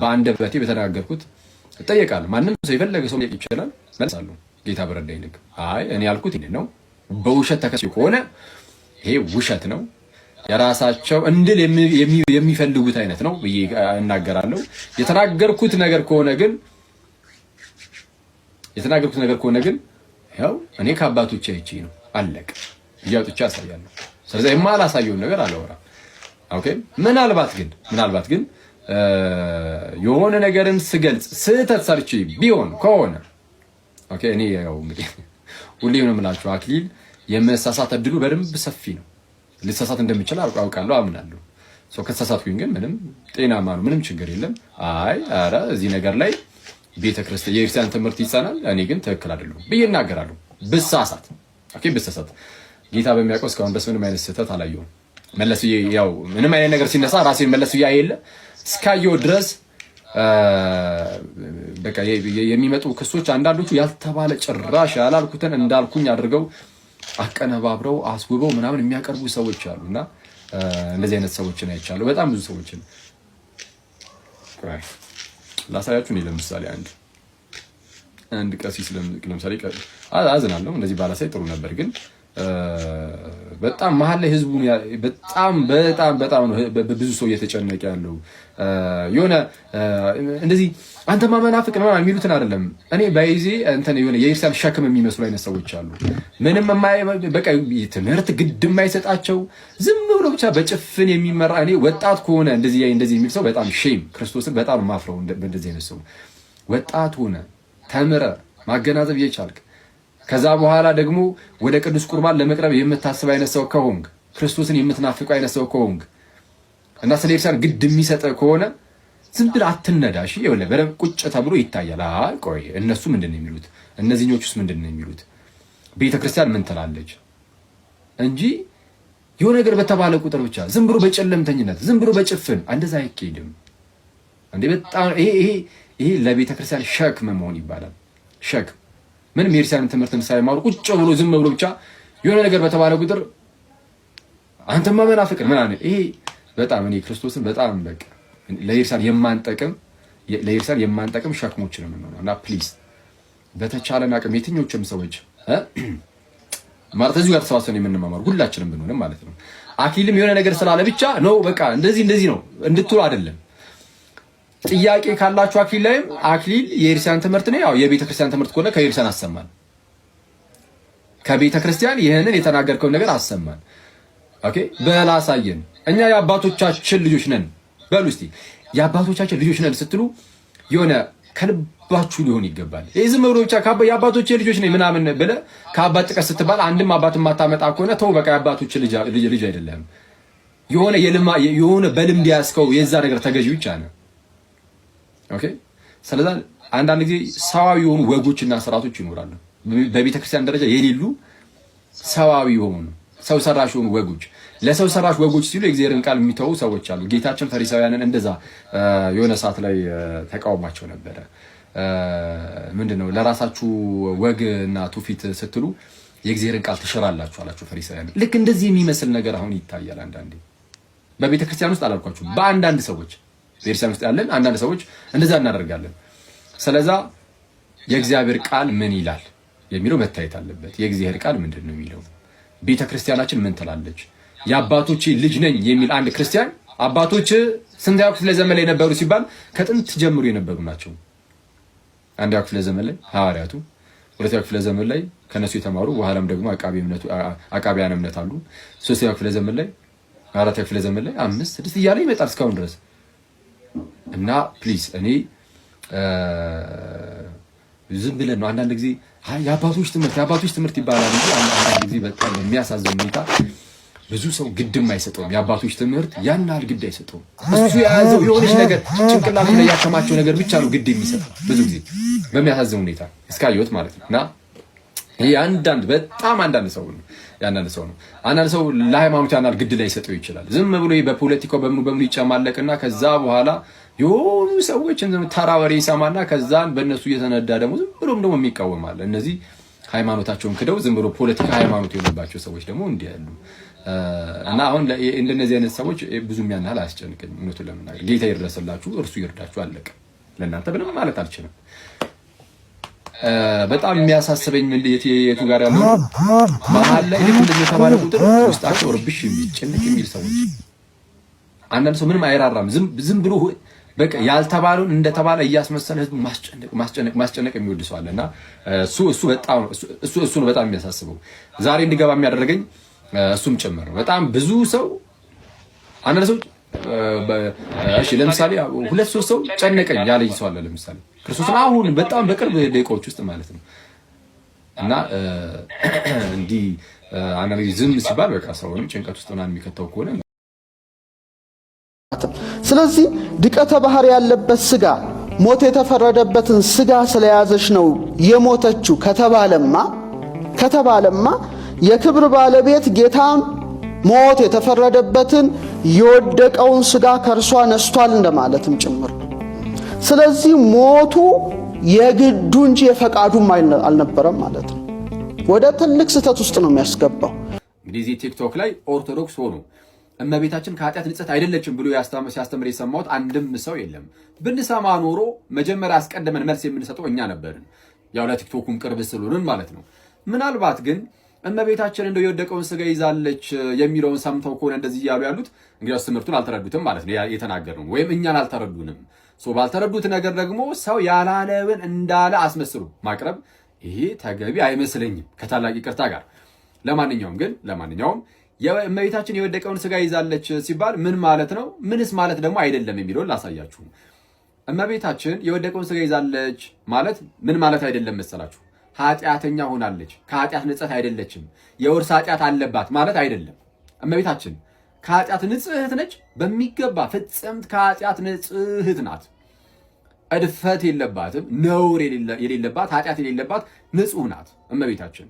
በአንደበቴ በተናገርኩት እጠየቃለሁ። ማንም ሰው የፈለገ ሰው ይችላል፣ መልሳለሁ። ጌታ በረዳኝ ልክ አይ እኔ ያልኩት ይሄ ነው። በውሸት ተከሲ ከሆነ ይሄ ውሸት ነው፣ የራሳቸው እንድል የሚፈልጉት አይነት ነው ብዬ እናገራለሁ። የተናገርኩት ነገር ከሆነ ግን የተናገርኩት ነገር ከሆነ ግን ያው እኔ ከአባቶች አይቼ ነው አለቅ እያውጥቼ አሳያለሁ። ስለዚ የማላሳየውን ነገር አላወራም። ኦኬ ምናልባት ግን ምናልባት ግን የሆነ ነገርን ስገልጽ ስህተት ሰርቼ ቢሆን ከሆነ እኔ ያው እንግዲህ ሁሌ ነው የምላችሁ አክሊል የመሳሳት እድሉ በደንብ ሰፊ ነው። ልሳሳት እንደምችል አውቃለሁ፣ አምናለሁ። ከተሳሳትኩኝ ግን ምንም ጤናማ ነው፣ ምንም ችግር የለም። አይ ኧረ እዚህ ነገር ላይ ቤተክርስቲያን የክርስቲያን ትምህርት ይጸናል፣ እኔ ግን ትክክል አይደለሁም ብዬ እናገራለሁ። ብሳሳት ብሳሳት ጌታ በሚያውቀው እስካሁን ድረስ ምንም አይነት ስህተት አላየሁም። መለስ ያው ምንም አይነት ነገር ሲነሳ ራሴን መለስ ብዬ የለ እስካየው ድረስ በቃ የሚመጡ ክሶች አንዳንዶቹ ያልተባለ ጭራሽ ያላልኩትን እንዳልኩኝ አድርገው አቀነባብረው አስውበው ምናምን የሚያቀርቡ ሰዎች አሉ እና እንደዚህ አይነት ሰዎችን አይቻለሁ። በጣም ብዙ ሰዎችን ላሳያችሁ። እኔ ለምሳሌ አንድ አንድ ቀሲስ ለምሳሌ አዝናለሁ። እንደዚህ ባላሳይ ጥሩ ነበር ግን ነበር። በጣም መሀል ላይ ህዝቡ በጣም በጣም በጣም ነው ብዙ ሰው እየተጨነቀ ያለው። የሆነ እንደዚህ አንተ ማመናፍቅ ነው የሚሉትን አይደለም። እኔ በይዜ እንትን የሆነ የኢርሳል ሸክም የሚመስሉ አይነት ሰዎች አሉ። ምንም በቃ ትምህርት ግድ የማይሰጣቸው ዝም ብሎ ብቻ በጭፍን የሚመራ እኔ ወጣት ከሆነ እንደዚህ እንደዚህ የሚል ሰው በጣም ሼም ክርስቶስን በጣም ማፍረው እንደዚህ አይነት ሰው ወጣት ሆነ ተምረ ማገናዘብ የቻልክ ከዛ በኋላ ደግሞ ወደ ቅዱስ ቁርባን ለመቅረብ የምታስብ አይነት ሰው ከሆንግ ክርስቶስን የምትናፍቁ አይነት ሰው ከሆንግ እና ስለ ኤርሳን ግድ የሚሰጥ ከሆነ ዝም ብለህ አትነዳሽ። ይኸውልህ በደምብ ቁጭ ተብሎ ይታያል። አይ ቆይ እነሱ ምንድን ነው የሚሉት? እነዚህኞቹስ ምንድን ነው የሚሉት? ቤተ ክርስቲያን ምን ትላለች? እንጂ የሆነ ነገር በተባለ ቁጥር ብቻ ዝም ብሎ በጨለምተኝነት ዝም ብሎ በጭፍን እንደዛ አይኬድም። እንዴ በጣም ይሄ ይሄ ይሄ ለቤተ ክርስቲያን ሸክም መሆን ይባላል ሸክም ምንም የክርስቲያን ትምህርት ምሳሌ ማውሩ ቁጭ ብሎ ዝም ብሎ ብቻ የሆነ ነገር በተባለ ቁጥር አንተማ መናፍቅ ምናምን ይሄ በጣም እኔ ክርስቶስን በጣም በቃ ለክርስቲያን የማንጠቅም ለክርስቲያን የማንጠቅም ሸክሞች ነው የምንሆነው። እና ፕሊዝ በተቻለን አቅም የትኞችም ሰዎች ማለት እዚሁ ጋር ተሰባስበን የምንማማሩ ሁላችንም ብንሆንም ማለት ነው። አኪልም የሆነ ነገር ስላለ ብቻ ነው በቃ እንደዚህ እንደዚህ ነው እንድትሉ አይደለም። ጥያቄ ካላችሁ አክሊል ላይም አክሊል የኤርሲያን ትምህርት ነው። ያው የቤተ ክርስቲያን ትምህርት ከሆነ ከኤርሲያን አሰማን፣ ከቤተ ክርስቲያን ይህንን የተናገርከውን ነገር አሰማን። ኦኬ በል አሳየን። እኛ የአባቶቻችን ልጆች ነን በሉ እስቲ። የአባቶቻችን ልጆች ነን ስትሉ የሆነ ከልባችሁ ሊሆን ይገባል። ይህ ዝም ብሎ ብቻ የአባቶች ልጆች ነኝ ምናምን ብለህ ከአባት ጥቀት ስትባል አንድም አባት የማታመጣ ከሆነ ተው፣ በቃ የአባቶች ልጅ አይደለም። የልማ የሆነ በልምድ ያስከው የዛ ነገር ተገዢ ብቻ ነው። ስለዛ አንዳንድ ጊዜ ሰዋዊ የሆኑ ወጎችና ስርዓቶች ይኖራሉ። በቤተክርስቲያን ደረጃ የሌሉ ሰዋዊ የሆኑ ሰው ሰራሽ የሆኑ ወጎች ለሰው ሰራሽ ወጎች ሲሉ የእግዚአብሔርን ቃል የሚተዉ ሰዎች አሉ። ጌታችን ፈሪሳውያንን እንደዛ የሆነ ሰዓት ላይ ተቃውሟቸው ነበረ። ምንድን ነው ለራሳችሁ ወግ እና ትውፊት ስትሉ የእግዚአብሔርን ቃል ትሽራላችሁ አላቸው ፈሪሳውያን። ልክ እንደዚህ የሚመስል ነገር አሁን ይታያል አንዳንዴ በቤተክርስቲያን ውስጥ አላልኳችሁ፣ በአንዳንድ ሰዎች ቤተሰብ ውስጥ ያለን አንዳንድ ሰዎች እንደዛ እናደርጋለን። ስለዛ የእግዚአብሔር ቃል ምን ይላል የሚለው መታየት አለበት። የእግዚአብሔር ቃል ምንድን ነው የሚለው፣ ቤተ ክርስቲያናችን ምን ትላለች? የአባቶች ልጅ ነኝ የሚል አንድ ክርስቲያን አባቶች ስንተኛው ክፍለ ዘመን ላይ ነበሩ ሲባል ከጥንት ጀምሮ የነበሩ ናቸው። አንደኛው ክፍለ ዘመን ላይ ሐዋርያቱ፣ ሁለተኛው ክፍለ ዘመን ላይ ከነሱ የተማሩ በኋላም ደግሞ አቃቢያን እምነት አሉ። ሶስተኛው ክፍለ ዘመን ላይ አራተኛው ክፍለ ዘመን ላይ አምስት ስድስት እያለ ይመጣል እስካሁን ድረስ እና ፕሊዝ እኔ ዝም ብለን ነው አንዳንድ ጊዜ የአባቶች ትምህርት የአባቶች ትምህርት ይባላል እ አንዳንድ ጊዜ በጣም የሚያሳዝን ሁኔታ ብዙ ሰው ግድም አይሰጠውም። የአባቶች ትምህርት ያን ያህል ግድ አይሰጠውም። እሱ የያዘው የሆነች ነገር ጭንቅላቱ ላይ ያከማቸው ነገር ብቻ ነው ግድ የሚሰጠው ብዙ ጊዜ በሚያሳዝን ሁኔታ እስካየሁት ማለት ነው። እና ይህ አንዳንድ በጣም አንዳንድ ሰው ነው የአንዳንድ ሰው ነው። አንዳንድ ሰው ለሃይማኖት ያን ያህል ግድ ላይ ይሰጠው ይችላል። ዝም ብሎ በፖለቲካው በምኑ በምኑ ይጨማለቅና ከዛ በኋላ የሆኑ ሰዎች ተራ ወሬ ይሰማና ከዛን በእነሱ እየተነዳ ደግሞ ዝም ብሎም ደግሞ የሚቃወማል። እነዚህ ሃይማኖታቸውን ክደው ዝም ብሎ ፖለቲካ ሃይማኖት የሆነባቸው ሰዎች ደግሞ እንዲህ ያሉ እና አሁን እንደነዚህ አይነት ሰዎች ብዙም ያን ያህል አያስጨንቅኝ። እውነቱን ለመናገር ጌታ ይድረስላችሁ፣ እርሱ ይርዳችሁ። አለቀ። ለእናንተ ምንም ማለት አልችልም። በጣም የሚያሳስበኝ ምን የቱ ጋር ያለው መሀል ላይ ልክ እንደዚህ ቁጥር ውስጣቸው ርብሽ ጭንቅ የሚል ሰዎች አንዳንድ ሰው ምንም አይራራም ዝም ብሎ በቃ ያልተባሉን እንደተባለ እያስመሰለ ህዝቡ ማስጨነቅ ማስጨነቅ ማስጨነቅ የሚወድ ሰው አለና እሱ እሱ በጣም እሱ ነው በጣም የሚያሳስበው ዛሬ እንዲገባ የሚያደረገኝ እሱም ጭምር ነው። በጣም ብዙ ሰው አንዳንድ ሰው እሺ፣ ለምሳሌ ሁለት ሶስት ሰው ጨነቀኝ ያለኝ ሰው አለ። ለምሳሌ ክርስቶስን አሁን በጣም በቅርብ ደቂቃዎች ውስጥ ማለት ነው እና እንዲህ አንዳንድ ዝም ሲባል በቃ ሰውንም ጭንቀት ውስጥ ምናምን የሚከተው ከሆነ ስለዚህ ድቀተ ባህር ያለበት ስጋ ሞት የተፈረደበትን ስጋ ስለያዘች ነው የሞተችው ከተባለማ ከተባለማ የክብር ባለቤት ጌታን ሞት የተፈረደበትን የወደቀውን ስጋ ከእርሷ ነስቷል እንደማለትም ጭምር። ስለዚህ ሞቱ የግዱ እንጂ የፈቃዱም አልነበረም ማለት ነው። ወደ ትልቅ ስህተት ውስጥ ነው የሚያስገባው። እንግዲህ እዚህ ቲክቶክ ላይ ኦርቶዶክስ ሆኑ እመቤታችን ከኃጢአት ንጽሕት አይደለችም ብሎ ሲያስተምር የሰማሁት አንድም ሰው የለም። ብንሰማ ኖሮ መጀመሪያ አስቀድመን መልስ የምንሰጠው እኛ ነበርን፣ ያው ለቲክቶኩም ቅርብ ስሉንን ማለት ነው። ምናልባት ግን እመቤታችን እንደው የወደቀውን ስጋ ይዛለች የሚለውን ሰምተው ከሆነ እንደዚህ እያሉ ያሉት እንግዲያውስ ትምህርቱን አልተረዱትም ማለት ነው። የተናገርነው ወይም እኛን አልተረዱንም። ባልተረዱት ነገር ደግሞ ሰው ያላለብን እንዳለ አስመስሉ ማቅረብ ይሄ ተገቢ አይመስለኝም፣ ከታላቅ ይቅርታ ጋር። ለማንኛውም ግን ለማንኛውም እመቤታችን የወደቀውን ስጋ ይዛለች ሲባል ምን ማለት ነው? ምንስ ማለት ደግሞ አይደለም የሚለውን ላሳያችሁ። እመቤታችን የወደቀውን ስጋ ይዛለች ማለት ምን ማለት አይደለም መሰላችሁ? ኃጢአተኛ ሆናለች፣ ከኃጢአት ንጽት አይደለችም፣ የውርስ ኃጢአት አለባት ማለት አይደለም። እመቤታችን ከኃጢአት ንጽህት ነች፣ በሚገባ ፍጽምት ከኃጢአት ንጽህት ናት። እድፈት የለባትም፣ ነውር የሌለባት ኃጢአት የሌለባት ንጹህ ናት እመቤታችን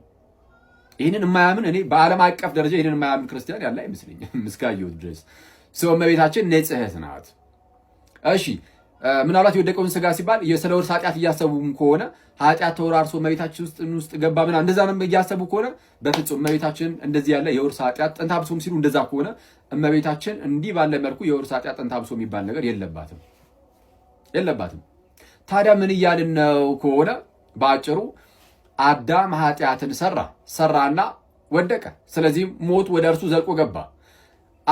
ይህንን የማያምን እኔ በዓለም አቀፍ ደረጃ ይህንን የማያምን ክርስቲያን ያለ አይመስለኝም እስካየሁት ድረስ። ሰው እመቤታችን ንጽሕት ናት። እሺ ምናልባት የወደቀውን ስጋ ሲባል ስለ ውርስ ኃጢአት እያሰቡም ከሆነ ኃጢአት ተወራርሶ እመቤታችን ውስጥ ውስጥ ገባ ምና እንደዛ ነው እያሰቡ ከሆነ በፍጹም እመቤታችን እንደዚህ ያለ የውርስ ኃጢአት ጥንተ አብሶም ሲሉ እንደዛ ከሆነ እመቤታችን እንዲህ ባለ መልኩ የውርስ ኃጢአት ጥንተ አብሶ የሚባል ነገር የለባትም የለባትም። ታዲያ ምን እያልን ነው ከሆነ በአጭሩ አዳም ኃጢአትን ሰራ ሰራና ወደቀ። ስለዚህ ሞት ወደ እርሱ ዘልቆ ገባ።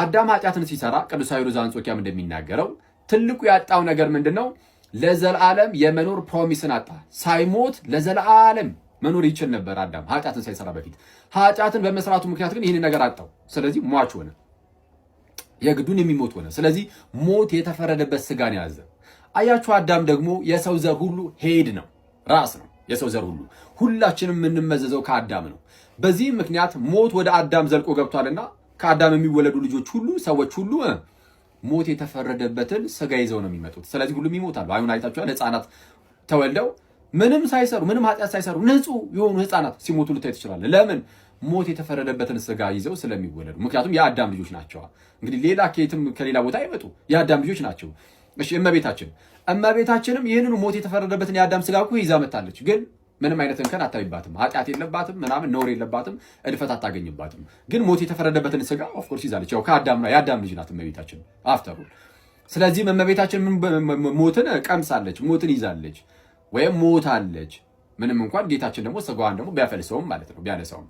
አዳም ኃጢአትን ሲሰራ ቅዱስ ሳዊሮስ ዘአንጾኪያም እንደሚናገረው ትልቁ ያጣው ነገር ምንድን ነው? ለዘላለም የመኖር ፕሮሚስን አጣ። ሳይሞት ለዘላለም መኖር ይችል ነበር አዳም ኃጢአትን ሳይሰራ በፊት። ኃጢአትን በመስራቱ ምክንያት ግን ይህን ነገር አጣው። ስለዚህ ሟች ሆነ፣ የግዱን የሚሞት ሆነ። ስለዚህ ሞት የተፈረደበት ስጋን ያዘ። አያችሁ፣ አዳም ደግሞ የሰው ዘር ሁሉ ሄድ ነው፣ ራስ ነው የሰው ዘር ሁሉ ሁላችንም የምንመዘዘው ከአዳም ነው። በዚህም ምክንያት ሞት ወደ አዳም ዘልቆ ገብቷልና ከአዳም የሚወለዱ ልጆች ሁሉ ሰዎች ሁሉ ሞት የተፈረደበትን ስጋ ይዘው ነው የሚመጡት። ስለዚህ ሁሉም ይሞታሉ። አይሁን አይታችኋል። ህፃናት ተወልደው ምንም ሳይሰሩ ምንም ኃጢአት ሳይሰሩ ንጹህ የሆኑ ህፃናት ሲሞቱ ልታይ ትችላለህ። ለምን? ሞት የተፈረደበትን ስጋ ይዘው ስለሚወለዱ። ምክንያቱም የአዳም ልጆች ናቸዋ። እንግዲህ ሌላ ከየትም ከሌላ ቦታ አይመጡ፣ የአዳም ልጆች ናቸው። እሺ እመቤታችን እመቤታችንም ይህንን ሞት የተፈረደበትን የአዳም ስጋ እኮ ይዛ መታለች ግን ምንም አይነት እንከን አታይባትም። ኃጢአት የለባትም ምናምን ነውር የለባትም። እድፈት አታገኝባትም። ግን ሞት የተፈረደበትን ስጋ ኦፍኮርስ ይዛለች። ያው ከአዳም ነው የአዳም ልጅ ናት እመቤታችን አፍተሩ። ስለዚህም እመቤታችን ሞትን ቀምሳለች፣ ሞትን ይዛለች ወይም ሞታለች። ምንም እንኳን ጌታችን ደግሞ ስጋዋን ደግሞ ቢያፈልሰውም ማለት ነው ቢያነሳውም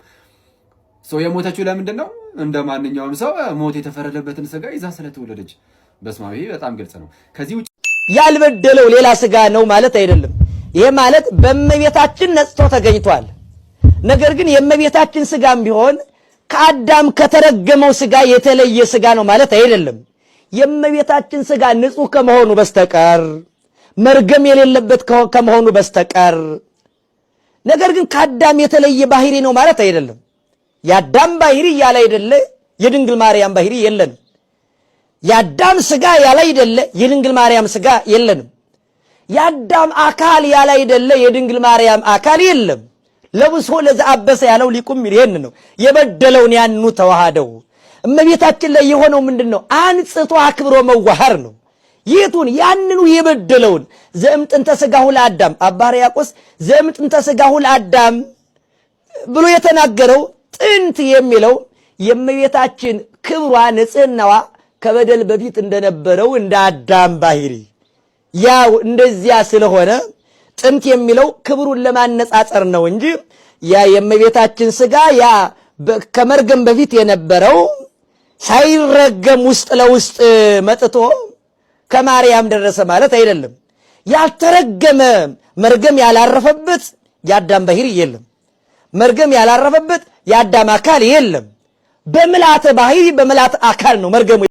ሰው የሞተችው ለምንድን ነው? እንደ ማንኛውም ሰው ሞት የተፈረደበትን ስጋ ይዛ ስለተወለደች በስመ አብ በጣም ግልጽ ነው። ከዚህ ውጭ ያልበደለው ሌላ ስጋ ነው ማለት አይደለም። ይሄ ማለት በእመቤታችን ነጽቶ ተገኝቷል። ነገር ግን የእመቤታችን ስጋም ቢሆን ከአዳም ከተረገመው ስጋ የተለየ ስጋ ነው ማለት አይደለም። የእመቤታችን ስጋ ንጹህ ከመሆኑ በስተቀር መርገም የሌለበት ከመሆኑ በስተቀር ነገር ግን ከአዳም የተለየ ባህሪ ነው ማለት አይደለም። የአዳም ባህሪ እያለ አይደለ የድንግል ማርያም ባህሪ የለንም። የአዳም ስጋ ያለ አይደለ የድንግል ማርያም ስጋ የለንም። የአዳም አካል ያለ አይደለ የድንግል ማርያም አካል የለም። ለብሶ ለዘአበሰ ያለው ሊቁም ይሄን ነው። የበደለውን ያኑ ተዋሃደው እመቤታችን ላይ የሆነው ምንድን ነው? አንጽቶ አክብሮ መዋሃር ነው። የቱን ያንኑ የበደለውን ዘእምጥንተ ስጋሁ ለአዳም አባ ሕርያቆስ ዘእምጥንተ ስጋሁ ለአዳም ብሎ የተናገረው ጥንት የሚለው የእመቤታችን ክብሯ ንጽህናዋ ከበደል በፊት እንደነበረው እንደ አዳም ባህሪ ያው እንደዚያ ስለሆነ ጥንት የሚለው ክብሩን ለማነጻጸር ነው እንጂ ያ የእመቤታችን ስጋ ያ ከመርገም በፊት የነበረው ሳይረገም ውስጥ ለውስጥ መጥቶ ከማርያም ደረሰ ማለት አይደለም። ያልተረገመ መርገም ያላረፈበት የአዳም ባህሪ የለም። መርገም ያላረፈበት የአዳም አካል የለም። በምልአተ ባህሪ በምልአተ አካል ነው መርገሙ